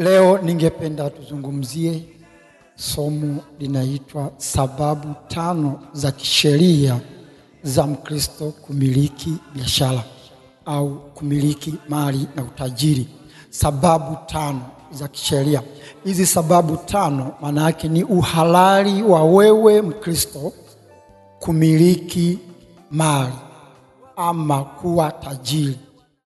Leo ningependa tuzungumzie somo linaitwa sababu tano za kisheria za Mkristo kumiliki biashara au kumiliki mali na utajiri. Sababu tano za kisheria. Hizi sababu tano maana yake ni uhalali wa wewe Mkristo kumiliki mali ama kuwa tajiri